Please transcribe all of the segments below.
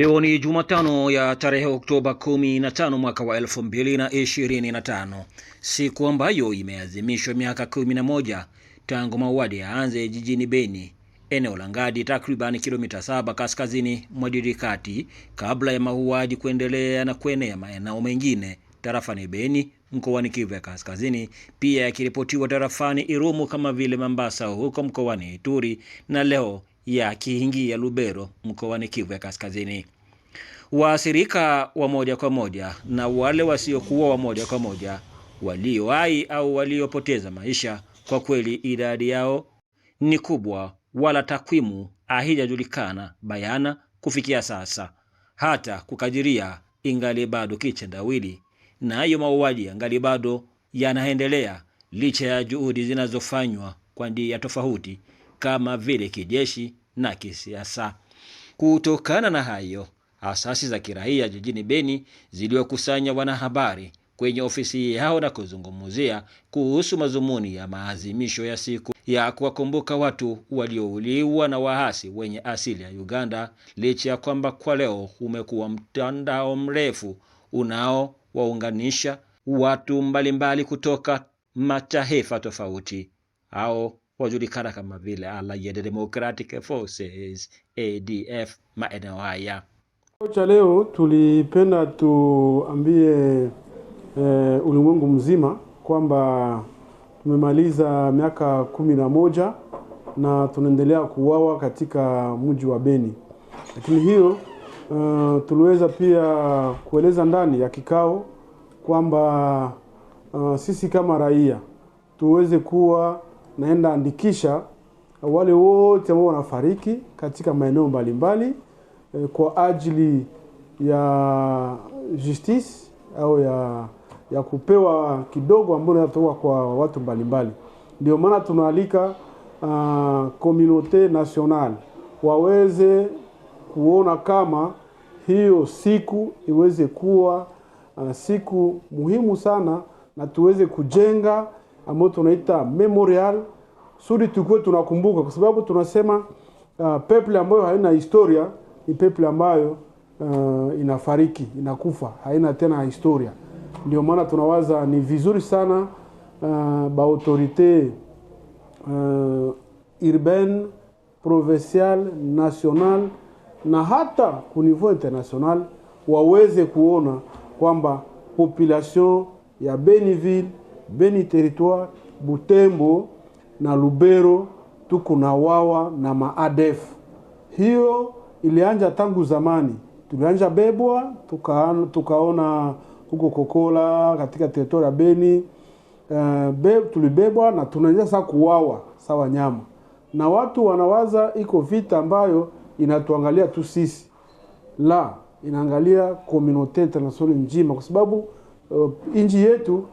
Leo ni Jumatano ya tarehe Oktoba 15 mwaka wa 2025, siku ambayo imeadhimishwa miaka 11 tangu mauaji yaanze jijini Beni, eneo la Ngadi, takriban kilomita 7 kaskazini mwa Dirikati, kabla ya mauaji kuendelea na kuenea maeneo mengine tarafani Beni mkoani Kivu ya Kaskazini, pia yakiripotiwa tarafani Irumu kama vile Mambasa huko mkoani Ituri, na leo ya Kihingi ya Lubero mkoani Kivu ya Kaskazini. Waathirika wa moja kwa moja na wale wasiokuwa wa moja kwa moja walioai au waliopoteza maisha, kwa kweli idadi yao ni kubwa, wala takwimu haijajulikana bayana kufikia sasa. Hata kukadiria ingali bado kitendawili, na hayo mauaji yangali bado yanaendelea licha ya juhudi zinazofanywa kwa njia tofauti kama vile kijeshi na kisiasa. Kutokana na hayo, asasi za kiraia jijini Beni ziliokusanya wanahabari kwenye ofisi yao na kuzungumzia kuhusu mazumuni ya maadhimisho ya siku ya kuwakumbuka watu waliouliwa na waasi wenye asili ya Uganda, licha ya kwamba kwa leo umekuwa mtandao mrefu unaowaunganisha watu mbalimbali kutoka mataifa tofauti au wajulikana kama vile Allied Democratic Forces ADF maeneo haya. Cha leo tulipenda tuambie eh, ulimwengu mzima kwamba tumemaliza miaka kumi na moja na tunaendelea kuuawa katika mji wa Beni, lakini hiyo Uh, tuliweza pia kueleza ndani ya kikao kwamba uh, sisi kama raia tuweze kuwa naenda andikisha wale wote ambao wanafariki katika maeneo mbalimbali e, kwa ajili ya justice au ya ya kupewa kidogo ambao inatoka kwa watu mbalimbali. Ndio maana tunaalika uh, communauté national waweze kuona kama hiyo siku iweze kuwa uh, siku muhimu sana na tuweze kujenga ambayo tunaita memorial, sudi tukue tunakumbuka, kwa sababu tunasema uh, peple ambayo haina historia ni peple ambayo uh, inafariki inakufa, haina tena historia. Ndio maana tunawaza ni vizuri sana uh, baautorite uh, urbaine provincial national na hata ku niveau international waweze kuona kwamba population ya Beniville Beni territoire, Butembo na Lubero tuko na wawa na maadef. Hiyo ilianja tangu zamani, tulianja bebwa tuka, tukaona huko Kokola katika territoire ya Beni uh, be, tulibebwa na tunaanza sasa kuwawa sawa nyama, na watu wanawaza iko vita ambayo inatuangalia tu sisi, la inaangalia komunote internasionali njima, kwa sababu uh, nchi yetu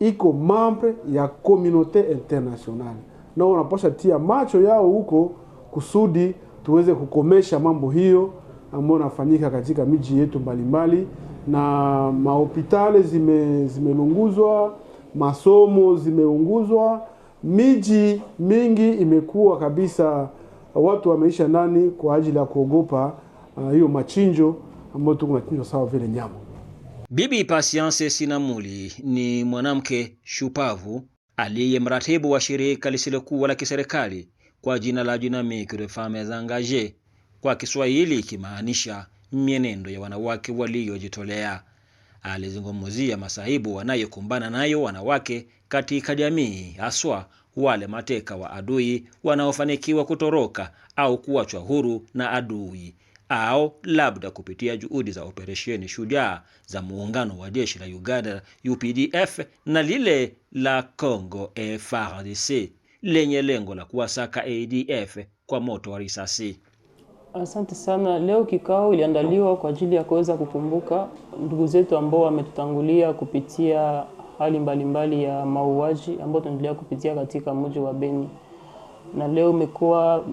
iko membre ya communauté internationale, na wanapasha tia macho yao huko kusudi tuweze kukomesha mambo hiyo ambayo nafanyika katika miji yetu mbalimbali, na mahopitali zime zimelunguzwa, masomo zimeunguzwa, miji mingi imekuwa kabisa, watu wameisha ndani kwa ajili ya kuogopa uh, hiyo machinjo ambayo tuko nachinjwa sawa vile nyama. Bibi Patience Sinamuli ni mwanamke shupavu aliye mratibu wa shirika lisilokuwa la kiserikali kwa jina la Dynamique des Femmes Engagees, kwa Kiswahili ikimaanisha mienendo ya wanawake waliojitolea. Alizungumzia masaibu wanayokumbana nayo wanawake katika jamii, haswa wale mateka wa adui wanaofanikiwa kutoroka au kuachwa huru na adui au labda kupitia juhudi za operesheni Shujaa za muungano wa jeshi la Uganda UPDF na lile la Congo FARDC lenye lengo la kuwasaka ADF kwa moto wa risasi. Asante sana. Leo kikao iliandaliwa kwa ajili ya kuweza kukumbuka ndugu zetu ambao wametutangulia kupitia hali mbalimbali ya mauaji ambayo tunaendelea kupitia katika mji wa Beni, na leo imekuwa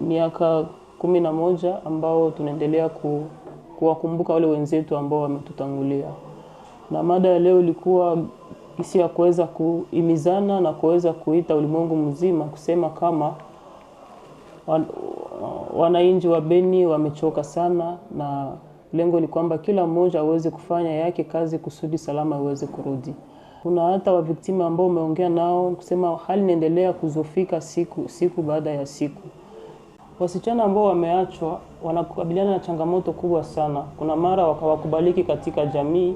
miaka kumi na moja ambao tunaendelea ku, kuwakumbuka wale wenzetu ambao wametutangulia, na mada ya leo ilikuwa isi ya kuweza kuhimizana na kuweza kuita ulimwengu mzima kusema kama wananchi wa Beni wamechoka sana, na lengo ni kwamba kila mmoja aweze kufanya yake kazi kusudi salama iweze kurudi. Kuna hata waviktima ambao umeongea nao kusema hali inaendelea kuzofika siku siku baada ya siku. Wasichana ambao wameachwa wanakabiliana na changamoto kubwa sana. Kuna mara wakawakubaliki katika jamii,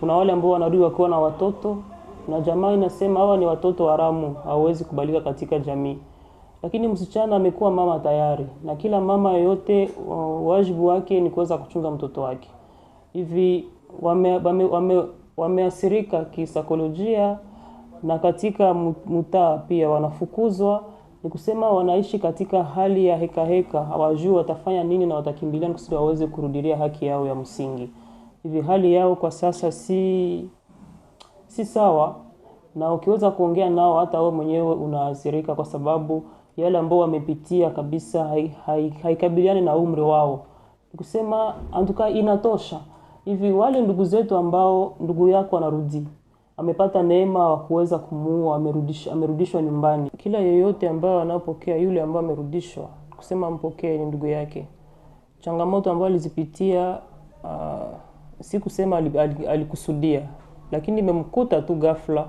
kuna wale ambao wanarudi wakiwa na watoto na jamaa inasema hawa ni watoto haramu, hawawezi kubalika katika jamii. Lakini msichana amekuwa mama tayari, na kila mama yoyote wajibu wake ni kuweza kuchunga mtoto wake. Hivi wameathirika wame, wame, wame kisaikolojia, na katika mtaa pia wanafukuzwa ni kusema wanaishi katika hali ya hekaheka, hawajui watafanya nini na watakimbilia kusudi waweze kurudilia haki yao ya msingi. Hivi hali yao kwa sasa si si sawa, na ukiweza kuongea nao hata wewe mwenyewe unaathirika, kwa sababu yale ambao wamepitia kabisa haikabiliani hai, hai na umri wao. kusema antuka inatosha. Hivi wale ndugu zetu ambao ndugu yako anarudi amepata neema wa kuweza kumuua, amerudishwa, amerudishwa nyumbani. Kila yeyote ambayo anapokea yule ambayo amerudishwa, kusema mpokee, ni ndugu yake. Changamoto ambayo alizipitia uh, si kusema alikusudia al, al, lakini imemkuta tu ghafla.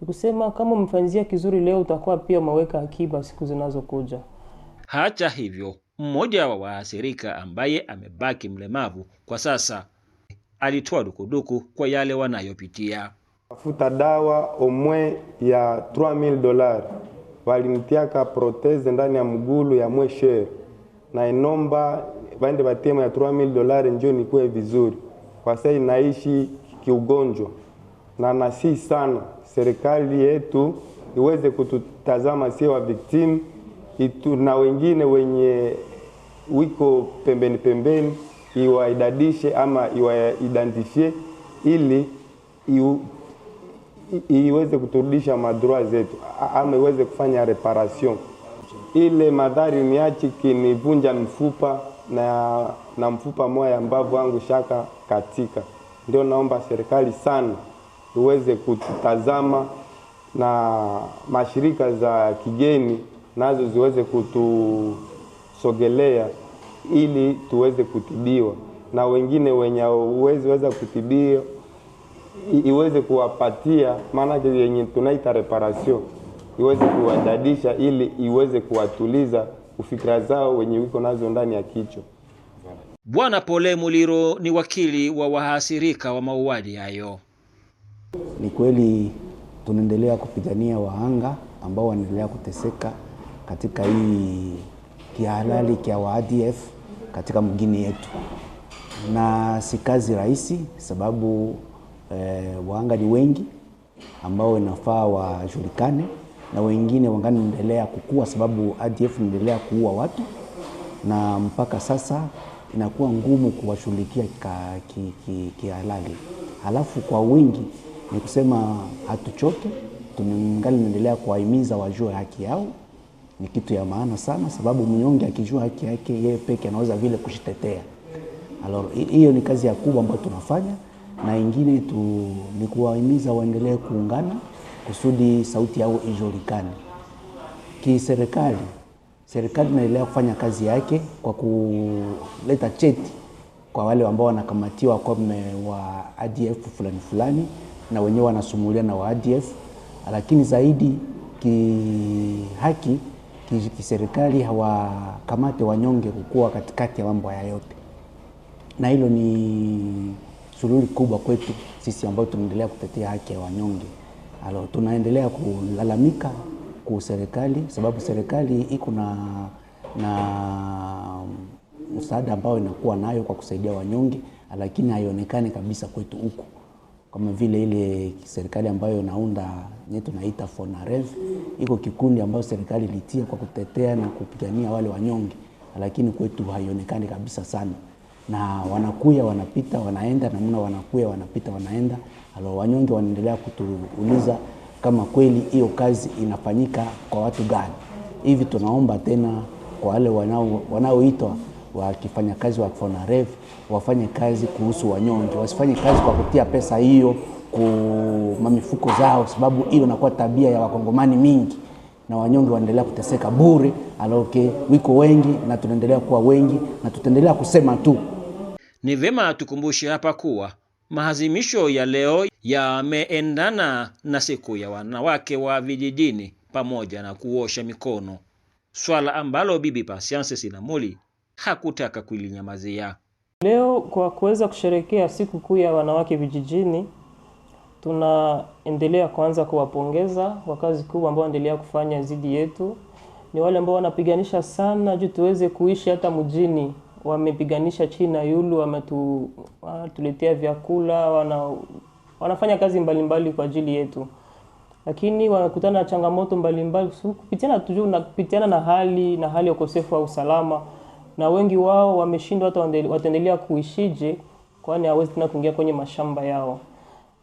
Nikusema kama umefanyizia kizuri leo, utakuwa pia umeweka akiba siku zinazokuja. Hata hivyo, mmoja wa waathirika ambaye amebaki mlemavu kwa sasa alitoa dukuduku kwa yale wanayopitia. Tafuta dawa omwe ya 3000 dollars, walinitiaka proteze ndani ya mgulu ya mwe na inomba waende batema ya 3000 dollars njoo nikuwe vizuri, kwa sasa inaishi kiugonjwa, na nasi sana serikali yetu iweze kututazama sie wa victim itu, na wengine wenye wiko pembeni pembeni iwaidadishe ama iwaidentifie ili iu, iweze kuturudisha madroa zetu, ama iweze kufanya reparation. Ile madhari niachi kinivunja mfupa na, na mfupa moya ya mbavu wangu shaka katika. Ndio naomba serikali sana iweze kututazama na mashirika za kigeni nazo ziweze kutusogelea ili tuweze kutibiwa na wengine wenye uweziweza kutibiwa iweze kuwapatia, maanake yenye tunaita reparation iweze kuwadadisha, ili iweze kuwatuliza ufikira zao wenye wiko nazo ndani ya kichwa. Bwana Pole Muliro ni wakili wa wahasirika wa mauaji hayo. Ni kweli tunaendelea kupigania wahanga ambao wanaendelea kuteseka katika hii kihalali kia wa ADF katika mgini yetu, na si kazi rahisi sababu eh, wahanga ni wengi ambao inafaa wajulikane na wengine wangani endelea kukua, sababu ADF inaendelea kuua watu na mpaka sasa inakuwa ngumu kuwashughulikia kihalali ki, ki, halafu kwa wingi ni kusema hatuchoke, tungali naendelea kuwahimiza wajue haki yao. Ni kitu ya maana sana, sababu mnyonge akijua haki yake yeye peke anaweza vile kushitetea. Alors hiyo ni kazi ya kubwa ambayo tunafanya na ingine tu ni kuwahimiza waendelee kuungana kusudi sauti yao ijulikane kiserikali. Serikali inaendelea kufanya kazi yake kwa kuleta cheti kwa wale ambao wanakamatiwa mme wa ADF fulani fulani, na wenyewe wanasumulia na wa ADF, lakini zaidi kihaki kiserikali hawakamate wanyonge kukuwa katikati ya mambo haya yote, na hilo ni suluhi kubwa kwetu sisi ambao tunaendelea kutetea haki ya wanyonge. Alo, tunaendelea kulalamika ku serikali, sababu serikali iko na na msaada ambao inakuwa nayo kwa kusaidia wanyonge, lakini haionekani kabisa kwetu huku, kama vile ile serikali ambayo inaunda nye tunaita FONAREV, iko kikundi ambayo serikali ilitia kwa kutetea na kupigania wale wanyonge, lakini kwetu haionekani kabisa sana na wanakuya wanapita wanaenda namna, wanakuya wanapita wanaenda. Alo, wanyonge wanaendelea kutuuliza kama kweli hiyo kazi inafanyika kwa watu gani. Hivi tunaomba tena kwa wale wanaoitwa wakifanya kazi wa FONAREV wafanye kazi kuhusu wanyonge, wasifanye kazi kwa kutia pesa hiyo kumamifuko zao, sababu hiyo inakuwa tabia ya wakongomani mingi na wanyonge wanaendelea kuteseka bure. Aloke wiko wengi na tunaendelea kuwa wengi na tutaendelea kusema tu. Ni vyema tukumbushe hapa kuwa maadhimisho ya leo yameendana na siku ya wanawake wa vijijini pamoja na kuosha mikono, swala ambalo Bibi pasiance sinamuli hakutaka kuilinyamazia. Leo kwa kuweza kusherehekea siku kuu ya wanawake vijijini, tunaendelea kwanza kuwapongeza kwa kazi kubwa ambao wanaendelea kufanya zidi yetu, ni wale ambao wanapiganisha sana juu tuweze kuishi hata mjini wamepiganisha China yulu, wametuletea vyakula, wana, wanafanya kazi mbalimbali mbali kwa ajili yetu, lakini wanakutana na changamoto mbalimbali kupitiana na kupitiana na hali na hali ya ukosefu wa usalama, na wengi wao wameshindwa hata wataendelea kuishije, kwani hawezi tena kuingia kwenye mashamba yao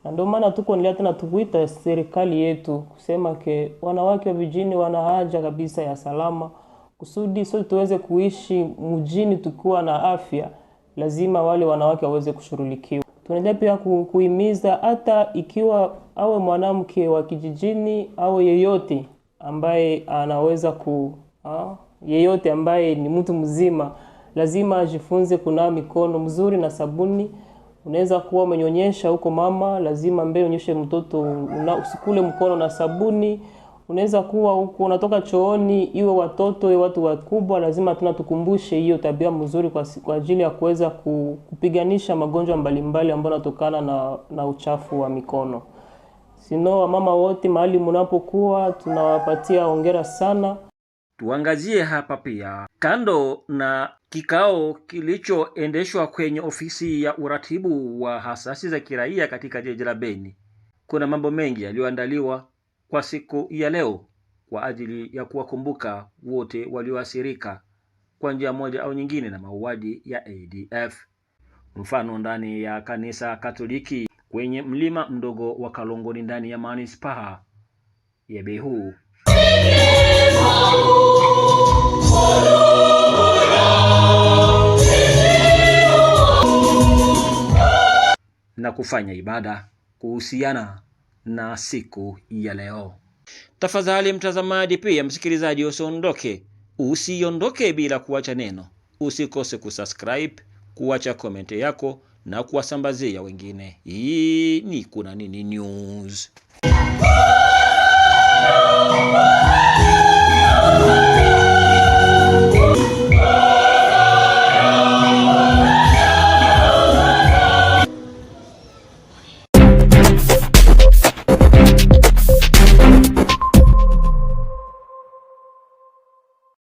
na ndio maana tukuendelea tena tukuita serikali yetu kusema ke wanawake wa vijini wana haja kabisa ya salama kusudi sote tuweze kuishi mjini tukiwa na afya, lazima wale wanawake waweze kushughulikiwa. Tunaendelea pia kuhimiza hata ikiwa awe mwanamke wa kijijini au yeyote ambaye anaweza ku ha? yeyote ambaye ni mtu mzima lazima ajifunze kunawa mikono mzuri na sabuni. Unaweza kuwa umenyonyesha huko mama, lazima mbele unyeshe mtoto, usikule mkono na sabuni. Unaweza kuwa huko unatoka chooni, iwe watoto iwe watu wakubwa, lazima tuna tukumbushe hiyo tabia mzuri kwa, kwa ajili ya kuweza kupiganisha magonjwa mbalimbali ambayo yanatokana na, na uchafu wa mikono. Sino wamama wote mahali mnapokuwa, tunawapatia ongera sana. Tuangazie hapa pia, kando na kikao kilichoendeshwa kwenye ofisi ya uratibu wa hasasi za kiraia katika jiji la Beni, kuna mambo mengi yaliyoandaliwa kwa siku ya leo kwa ajili ya kuwakumbuka wote walioathirika kwa njia moja au nyingine na mauaji ya ADF. Mfano, ndani ya kanisa Katoliki kwenye mlima mdogo wa Kalongoni ndani ya manispaa ya Behu. na kufanya ibada kuhusiana na siku ya leo. Tafadhali mtazamaji, pia msikilizaji, usiondoke, usiondoke bila kuacha neno. Usikose kusubscribe, kuacha komenti yako na kuwasambazia wengine. Hii ni Kuna Nini News.